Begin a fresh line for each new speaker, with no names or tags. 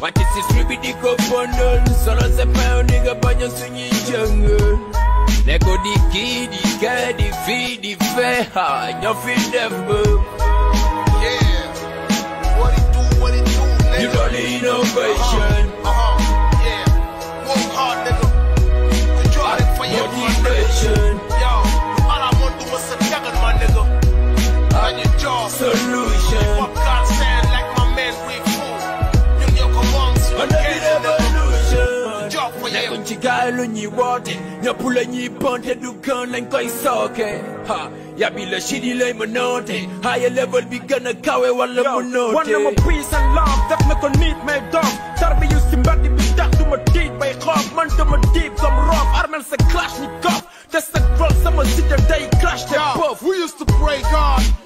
Watch it, it's me the companion Solo se pa yon nigga pa sunyi jungle Neko di ki, di ke, di fi, di fe Ha, nyo fi def Yeah, what it do, what it do, nigga You know the innovation ci gaay lu ñuy woote ñëpp la ñuy ponte du gën lañ koy sooke ha yabi la shit yi lay ma noote higher level bi gën a kawe wala mu noote wan na peace and love def na ko nit may doom tarbi yu si mbedd bi tax du ma tiit bay xoof man dama diib comme roof armel sa clash ni kof te sa vol sama cité day clash the
bof we used to pray God